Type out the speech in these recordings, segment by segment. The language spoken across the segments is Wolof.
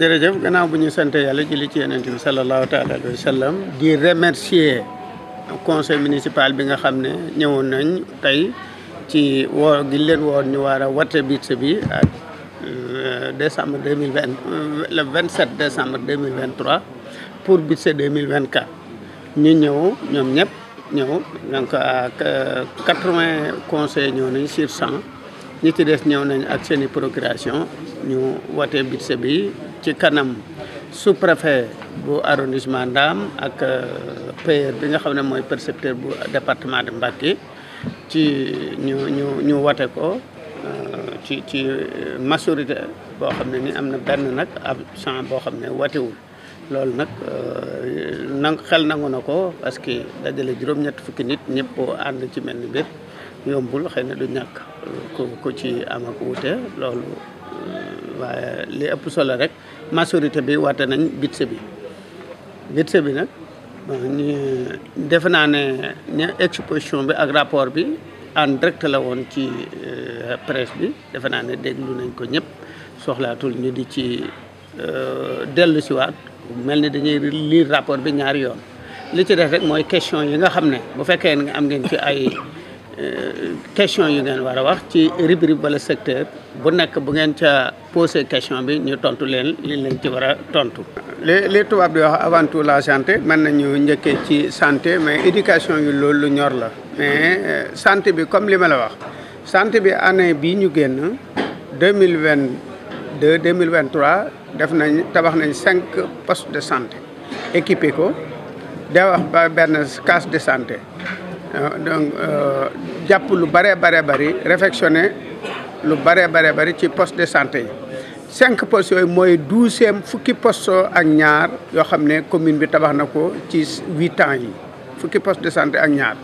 jërëjëf gannaaw bu ñu sant yàlla li ci yonent bi sallallahu taala alayhi wa di remercier conseil municipal bi nga xam ne ñëwoon nañ tey ci woo gi leen woon ñu war a wate budget bi ak euh, décembre deux mille vingt euh, le vingt sept décembre deux mille vingt pour budget deux mille vingt quatre ñu ñëw ñoom ñëpp ñëw donc ak euh, quatre vingt conseil ñëw nañ sur cent ñi ci des ñëw nañ ak seen i procuration ñu wate budget bi ci kanam sous-préfet bu arrondissement Ndam ak euh, PR bi nga xam ne mooy percepteur bu département de Mbacké ci ñu ñu ñu wate ko euh, ci ci euh, majorité boo xam ne ni am na benn nag absent boo xam ne watewul loolu nag nang xel nangu na ko parce que dajale juróom-ñett fukki nit ñëpp ànd ci mel ni mbir yombul xëy na du ñàkk ku ku ci am ak wuute loolu waaye li ëpp solo rek majorité bi wate nañ budget bi budget bi nag ñu defe naa ne ne exposition bi ak rapport bi en direct la woon ci euh, presse bi defe naa ne déglu nañ ko ñëpp soxlaatul ñu di ci euh, dellu si waat mel ni dañuy lire rapport bi ñaari yoon li ci def rek mooy question yi nga xam ne bu fekkee nga am ngeen ci ay question yu ngeen war a wax ci rubrique wala secteur bu nekk bu ngeen ca posé question bi ñu tontu leen li leen ci war a tontu. li li tubaab di wax avant tout la santé mën nañu njëkkee ci santé mais éducation yu loolu lu ñor la. mais euh, santé bi comme li ma la wax santé bi année bii ñu génn deux mille vingt deux deux mille vingt def nañ tabax nañ cinq postes de santé équipé ko day wax ba benn case de santé. Euh, donc euh, jàpp lu bëree bare bëri réfectionné lu bëree bare bari ci poste de santé yi cinq postes yooyu mooy douzième fukki poste ak ñaar yoo xam ne commune bi tabax na ko ci huit ans yi fukki poste de santé ak ñaar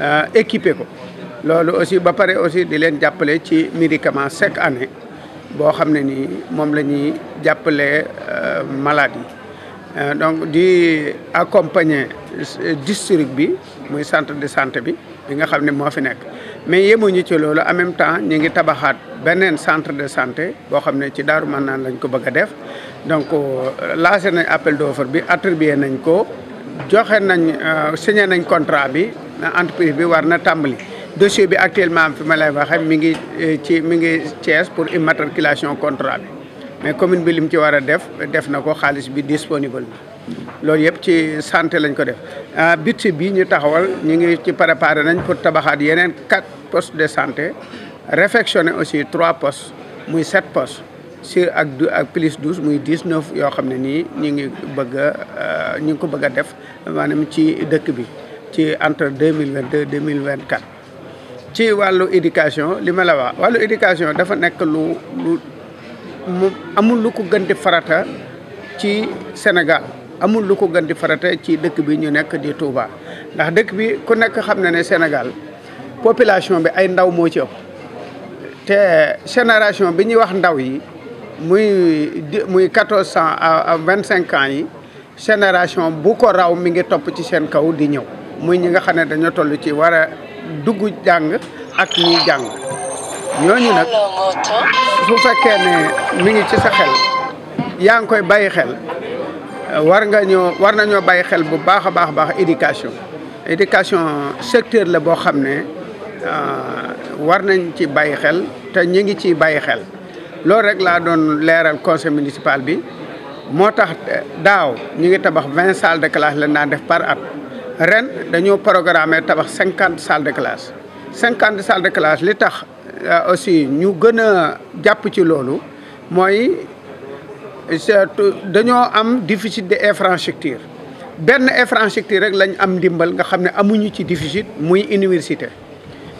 euh, équipé ko loolu aussi ba pare aussi di leen jàppale ci médicament chaque année boo xam ne nii moom la ñuy jàppale malade yi Euh, donc di accompagner euh, district bi muy centre de santé bi bi nga xam ne moo fi nekk mais yemuñu ci loolu en même temps ñu ngi tabaxaat beneen centre de santé boo xam ne ci Daaru Manaan lañ ko bëgg a def donc euh, lancé nañ appel d'offre bi attribué nañ ko joxe nañ signé nañ contrat bi entreprise bi war na tàmbali dossier bi actuellement fi ma lay waxee mi ngi ci mi ngi Thiès pour immatriculation contrat bi mais commune bi lim ci war a def def na ko xaalis bi disponible na loolu yëpp ci santé lañ ko def ah, budget bi ñu taxawal ñu ngi ci préparé nañ pour tabaxaat yeneen quatre postes de santé réfectionné aussi trois postes muy sept postes sur ak ak plus douze muy dix neuf yoo xam ne nii ñu ngi bëgg a euh, ñu ngi ko bëgg a def maanaam ci dëkk bi ci entre deux mille vingt deux deux mille vingt quatre ci wàllu éducation li ma la wax wàllu éducation dafa nekk lu lu mu amul lu ko gën di farata ci Sénégal amul lu ko gën di farata ci dëkk bi ñu nekk di Touba ndax dëkk bi ku nekk xam na ne Sénégal population bi ay ndaw moo ci ëpp te génération bi ñuy wax ndaw yi muy muy quatorze cent à vingt cinq ans yi génération bu ko raw mi ngi topp ci seen kaw di ñëw muy ñi nga xam ne dañoo toll ci war a dugg jàng ak muy jàng ñooñu nag su fekkee ne mi ngi ci sa xel yaa ngi koy bàyyi xel war nga ñoo war nañoo bàyyi xel bu baax a baax baax éducation éducation secteur la boo xam ne euh, war nañ ci bàyyi xel te ñu ngi ci bàyyi xel loolu rek laa doon leeral conseil municipal bi moo tax daaw ñu ngi tabax vingt salles de classe lañ daan def par at ren dañoo programmer tabax cinquante salles de classe cinquante salles de classe li tax Euh, aussi ñu gën a jàpp ci loolu mooy dañoo am déficit de infrastructure benn infrastructure rek lañ am ndimbal nga xam ne amuñu ci déficit muy université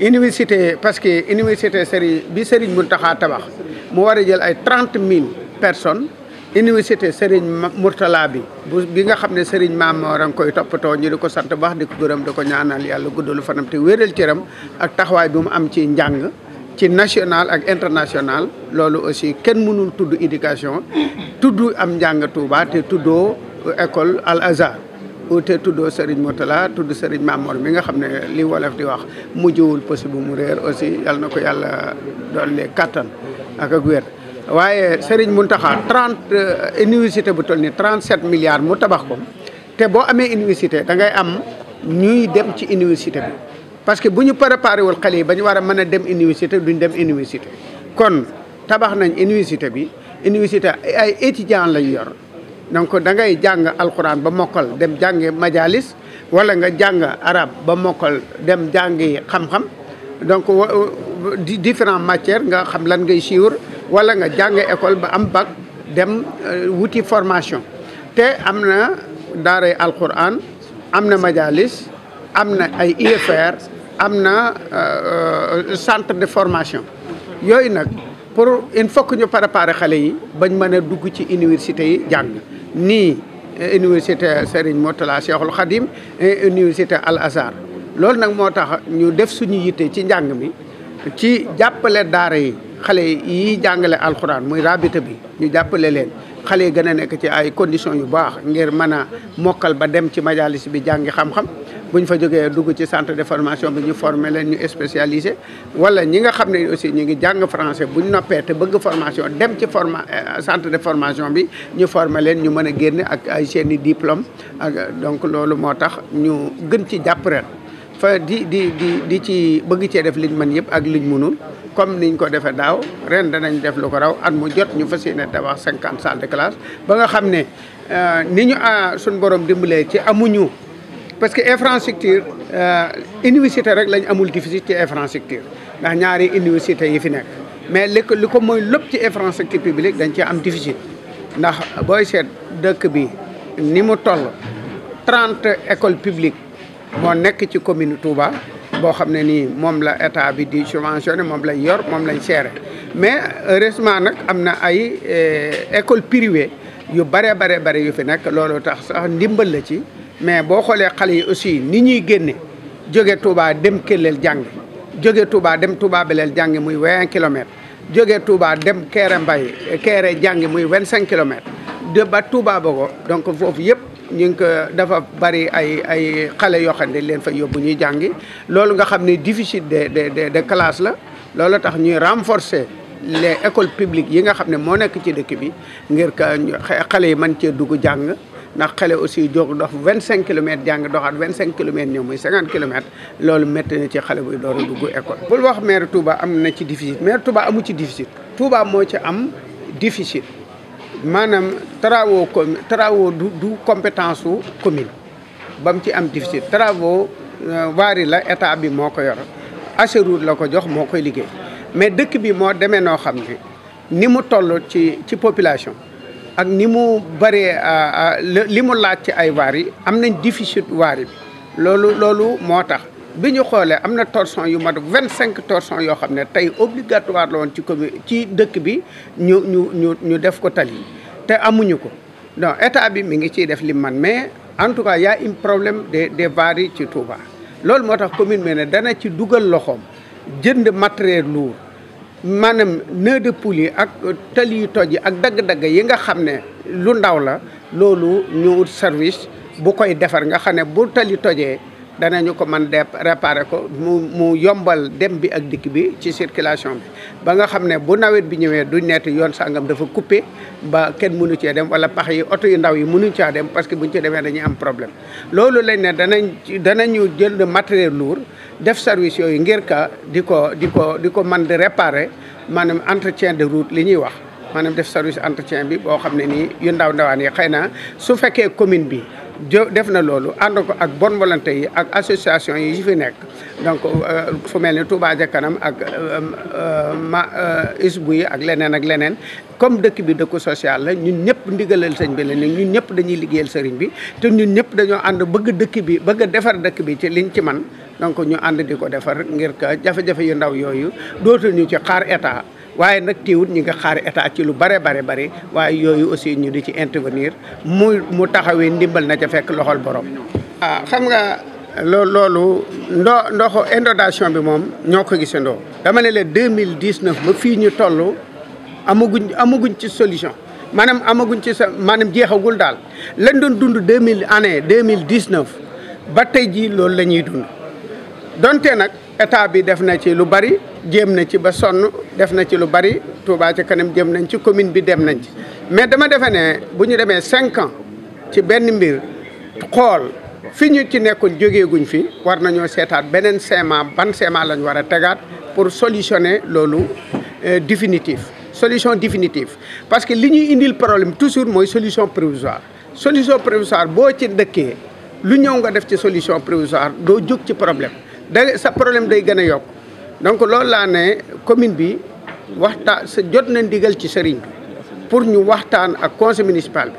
université parce que université Serigne bi Serigne Mountakha tabax mu war a jël ay trente mille personnes université Serigne Mourtala bi bu bi nga xam ne Serigne maam moo ngi koy toppatoo ñu di ko sant baax di ko gërëm di ko ñaanal yàlla guddalu fanam te wéeral cëram ak taxawaay bi mu am ci njàng ci national ak international loolu aussi kenn mënul tudd éducation tudd am njàng Touba te tuddoo école Al Azhar ou te tuddoo Serigne Moutala tudd Serigne Mamor mi nga xam ne li wolof di wax mujjewul possible mu réer aussi yal na ko yàlla dolli kattan ak ak wér. waaye Serigne Mountakha 30 euh, université bu toll nii 37 milliards mu tabax ko te boo amee université dangay am ñuy dem ci université bi. parce que bu ñu préparé wul xale yi ba ñu war a mën a dem université duñ dem université kon tabax nañ université bi université ay étudiants lañ yor donc da ngay jàng alxuraan ba mokkal dem jàngi majalis wala nga jàng arab ba mokkal dem jàngi xam-xam donc euh, di différentes matières nga xam lan ngay suivre wala nga jàng école ba am bac dem euh, wuti formation te am na daaray alxuraan am na majalis am na ay UFR am na euh, euh, centre de formation yooyu nag pour il faut que ñu préparer xale yi bañ mën a dugg ci université yi jàng nii université Serigne Mourtalla Cheikhul Khadim et université Al Azhar loolu nag moo tax ñu def suñu yitte ci njàng mi ci jàppale daara yi xale yi jàngale alxuraan muy rabita bi ñu jàppale leen xale yi gën a nekk ci ay conditions yu baax ngir mën a mokkal ba dem ci majalis bi jàngi xam-xam bu ñu fa jógee dugg ci centre de formation bi ñu former leen ñu spécialisé wala ñi nga xam ne aussi ñu ngi jàng français bu noppee te bëgg formation dem ci forma euh, centre de formation bi ñu former leen ñu mën a génne ak ay seen i ak donc loolu moo tax ñu gën ci jàpp fa di di di di ci bëgg cee def liñ mën yëpp ak liñ mënul comme niñ ko defee daaw ren danañ def lu ko raw at mu jot ñu fas yéene tabax cinquante salles de classe ba nga xam ne euh, ni ñu a ah, suñ borom dimbalee ci amuñu parce que infrastructure euh, université rek lañ amul déficit ci infrastructure ndax ñaari université yi fi nekk mais li ko li ko mooy lépp ci infrastructure publique dañ cee am déficit ndax booy seet dëkk bi ni mu toll trente école publiques moo nekk ci commune Touba boo xam ne nii moom la état bi di subventionné moom lañ yor moom lañ seere mais heureusement nag am na ay euh, école privée yu bare bare bare yu fi nekk loolu tax sax ndimbal la ci mais boo xoolee xale yi aussi ni ñuy génne jóge Touba dem Kellel jàngi jóge Touba dem Touba Belel jàngi muy 20 kilomètres jóge Touba dem Kéré Mbaye Kéré jàngi muy 25 kilomètres de ba Touba Bogo donc foofu yëpp ñu ngi ko dafa bari ay ay xale yoo xam ne leen fa yóbbu ñuy jàngi loolu nga xam ne déficit de de de classe la loolu tax ñuy renforcer les école publiques yi nga xam ne moo nekk ci dëkk bi ngir xale yi man cee dugg jàng ndax xale aussi jóg dox vingt cinq kilomètres jàng doxaat vingt cinq kilomètres ñëw muy cinquante kilomètres loolu métti na ci xale buy door a dugg école bul wax maire Touba am na ci déficit maire Touba amu ci déficit Touba moo ci am déficit maanaam travaux com travaux du du compétence su commune ba mu ci am déficit travaux euh, waari la état bi moo ko yor Ageroute la ko jox moo koy liggéey mais dëkk bi moo demee noo xam ne ni mu toll ci ci population ak ni mu bëree li mu laaj ci ay waar am nañ déficit waari yi loolu loolu moo tax bi ñu xoolee am na torsion yu mat vingt cinq torsion yoo xam ne tey obligatoire la ci commune ci dëkk bi ñu ñu ñu ñu def ko tali te amuñu ko donc état bi mi ngi ciy def li man mais en tout cas a un problème des des varies ci Touba loolu moo tax commune bi ne dana ci dugal loxoom jënd matériel lourd maanaam nœud yi ak tali yu toj yi ak dagg-dagg yi nga xam ne lu ndaw la loolu ñu ut service bu koy defar nga xam ne bu tali tojee dana ñu ko man de réparer ko mu mu yombal dem bi ak dikk bi ci circulation bi ba nga xam ne bu nawet bi ñëwee du neeti yoon sàngam dafa coupé ba kenn mënu cee dem wala pax yi oto yu ndaw yi mënuñ caa dem parce que buñ ci demee dañuy am problème loolu lañ ne danañ danañu jënd matériel lourd def service yooyu ngir ka di ko di ko di ko mën di réparer maanaam entretien de route li ñuy wax maanaam def service entretien bi boo xam ne nii yu ndaw ndawaan yi xëy na su fekkee commune bi def na loolu ànd ko ak bonne volonté yi ak association yi fi nekk donc euh, fu mel ni Touba kanam ak euh, euh, ma isbu yi ak leneen ak leneen comme dëkk bi dëkku social la ñun ñëpp ndigalal sëñ bi la ne ñun ñëpp dañuy liggéeyal sëriñ bi te ñun ñëpp dañoo ànd bëgg dëkk bi bëgg defar dëkk bi ci liñ ci man donc ñu ànd di ko defar ngir que jafe-jafe yu ndaw yooyu dootuñu ci xaar état waaye nag teewut ñi nga xaar état ci lu bare bare bare waaye yooyu aussi ñu di ci intervenir mu mu taxawee ndimbal na ca fekk loxol borom. ah xam nga loo loolu ndo ndoxu inondation bi moom ñoo ko gisandoo. dama ne la 2019 ba fii ñu toll amaguñ amaguñ ci solution maanaam amaguñ ci sa maanaam jeexagul daal lañ doon dund 2000 année 2019 ba tey jii loolu la ñuy dund donte nag état bi def na ci lu bari. jéem na ci ba sonn def na ci lu bari Touba ci kanam jéem nañ ci commune bi dem nañ ci mais dama defe ne bu ñu demee cinq an ci benn mbir xool fi ñu ci nekkoon jógeeguñ fi war nañoo seetaat beneen CMA ban CMA lañ war a tegaat pour solutionner loolu euh, définitif solution définitive parce que li ñuy indil problème toujours mooy solution provisoire solution provisoire boo ci dëkkee lu ñëw nga def ci solution provisoire doo jóg ci problème da sa problème day gën a yokk donc loolu laa ne commune bi waxtaan sa jot na ndigal ci sëriñ bi pour ñu waxtaan ak conseil municipal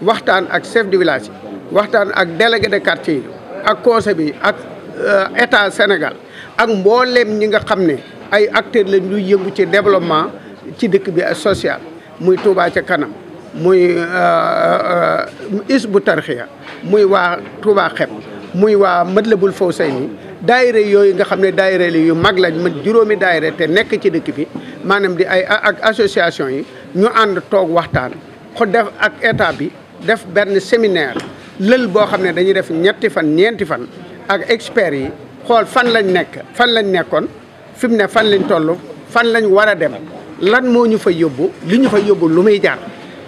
bi waxtaan ak chef de village yi waxtaan ak délégué de quartier yi ak conseil bi ak euh, état Sénégal ak mbooleem ñi nga xam ne ay acteurs lañ ñuy yëngu ci développement ci dëkk bi ak social muy Touba ca kanam muy euh, euh, is bu tarxiya muy waa Touba xeb muy waa Madlabul Fawsayni daayira yooyu nga xam ne daayira li yu mag lañ ma juróomi daayira te nekk ci dëkk bi maanaam di ay ak association yi ñu ànd toog waxtaan ko def ak état bi def benn séminaire lël boo xam ne dañuy def ñetti fan ñeenti fan ak experts yi xool fan lañ nekk fan lañ nekkoon fi mu ne fan lañ toll fan lañ war a dem lan moo ñu fa yóbbu li ñu fa yóbbu lu muy jaar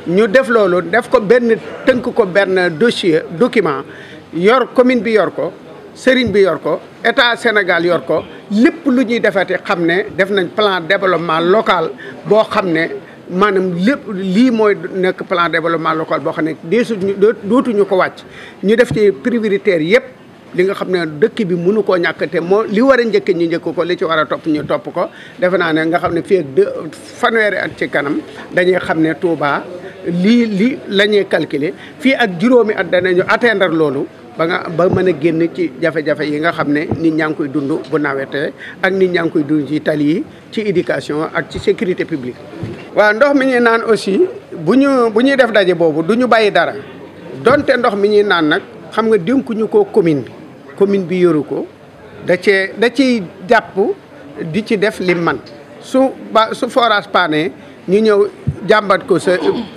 ñu def loolu def ko benn tënk ko benn dossier document yor commune bi yor ko sëriñ bi yor ko état Sénégal yor ko lépp lu ñuy defati xam ne def nañ plan développement local boo xam ne maanaam lépp lii mooy nekk plan développement local boo xam ne deesuñu dootuñu ko wàcc ñu def ci priviritaire yëpp li nga xam ne dëkk bi munu koo ñàkk te moo li war njëkk ñi njëkk ko li ci war a topp ñu topp ko defe naa ne nga xam ne fii ak deux fanweeri at ci kanam dañuy xam ne Touba lii lii la ñuy calculer fii ak juróomi at ñu atteindre loolu ba nga ba mën a génn ci jafe-jafe yi nga xam ne nit ñaa koy dund bu nawetee ak nit ñaa koy dund ci tali yi ci éducation ak ci sécurité publique. waaw ndox mi ñuy naan aussi bu ñu bu ñuy def daje boobu du ñu bàyyi dara donte ndox mi ñuy naan nag xam nga dénkuñu ko commune bi commune bi yoru ko da cee da ciy jàpp di ci def lim man su ba su forage paane ñu ñëw jàmbat ko sa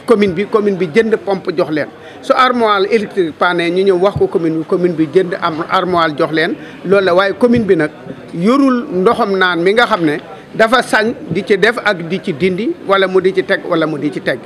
commune bi commune bi jënd pomp jox leen. su armoire électrique paane ñu ñëw wax ko commune bi commune bi jënd am armoire jox leen loolu la waaye commune bi nag yorul ndoxam naan mi nga xam ne dafa sañ di ci def ak di ci dindi wala mu di ci teg wala mu di ci teg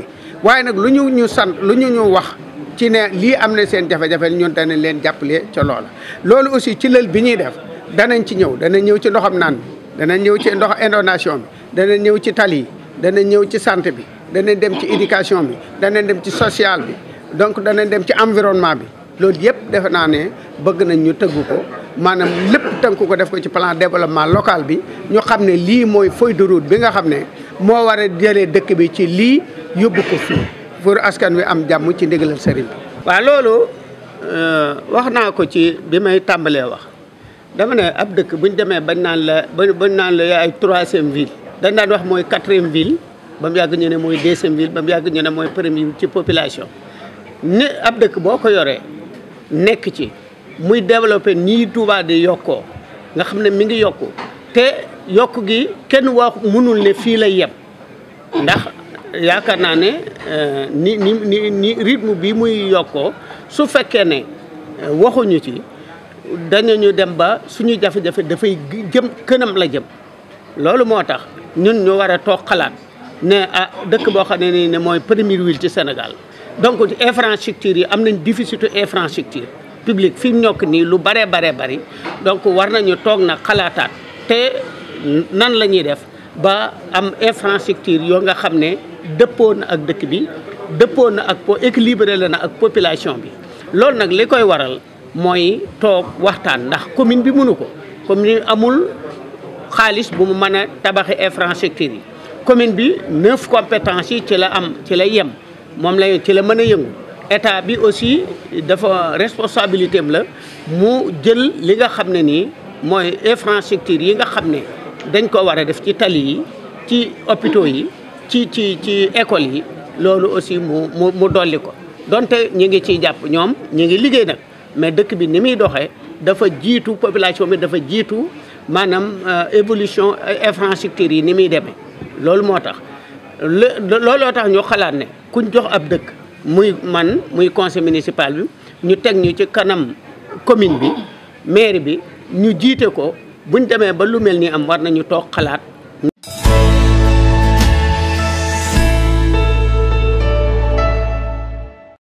waaye nag lu ñu ñu sant lu ñu ñu wax ci ne lii am ne seen jafe-jafe ñun danañ leen jàppale ca loola. loolu aussi ci lël bi ñuy def danañ ci ñëw danañ ñëw ci ndoxam naan bi danañ ñëw ci ndox indonation bi dana ñëw ci tali yi danañ ñëw ci sant bi danañ dem ci éducation bi danañ dem ci social bi. donc dana dem ci environnement bi loolu yëpp defe naa ne bëgg nañ ñu tëgg ko maanaam lépp tënku ko def ko ci plan développement local bi ñu xam ne lii mooy feuille de route bi nga xam ne moo war a dëkk bi ci lii yóbbu ko fii pour askan wi am jàmm ci ndigalal sëriñ bi. waaw loolu euh, wax naa ko ci bi may tàmbalee wax dama ne ab dëkk buñ demee bañ naan la bañ naan la yaay troisième ville dañ daan wax mooy quatrième ville ba mu yàgg ñu ne mooy deuxième ville ba mu yàgg ñ ne mooy première ci population. ne ab dëkk boo ko yoree nekk ci muy développé nii Touba di yokkoo nga xam ne mi ngi yokku te yokk gi kenn wax mënul ne fii lay yem ndax yaakaar naa ne euh, ni ni ni ni rythme bi muy yokkoo su fekkee ne euh, waxuñu ci dañuñu dem ba suñu jafe-jafe dafay jëm kënam la jëm loolu moo tax ñun ñu war a toog xalaat ne ah dëkk boo xam ne nii ne mooy première ville ci Sénégal donc infrastructure yi am nañ déficitu infrastructure publique fi mu nekk nii lu baree baree bari donc war nañu toog nag xalaataat te nan la ñuy def ba am infrastructure yoo nga xam ne dëppoon na ak dëkk bi dëppoon na ak po équilibré la na ak population bi loolu nag li koy waral mooy toog waxtaan ndax commune bi mënu ko commune amul xaalis bu mu mën a tabaxi infrastructure yi commune bi neuf compétence yi ci la am ci la yem moom lay ci la mën a yëngu état bi aussi dafa responsabilité am la mu jël li nga xam ne nii mooy infrastructure yi nga xam ne dañ ko war a def ci tali yi ci hôpitaux yi ci ci ci école yi loolu aussi mu mu mu dolli ko donte ñu ngi ci jàpp ñoom ñu ngi liggéey nag mais dëkk bi ni muy doxee dafa jiitu population bi dafa jiitu maanaam euh, évolution euh, infrastructure yi ni muy demee loolu moo tax looloo tax ñu xalaat ne kuñ jox ab dëkk muy man muy conseil municipal bi ñu teg ñu ci kanam commune bi maire bi ñu jiite ko buñ demee ba lu mel ni am war nañu toog xalaat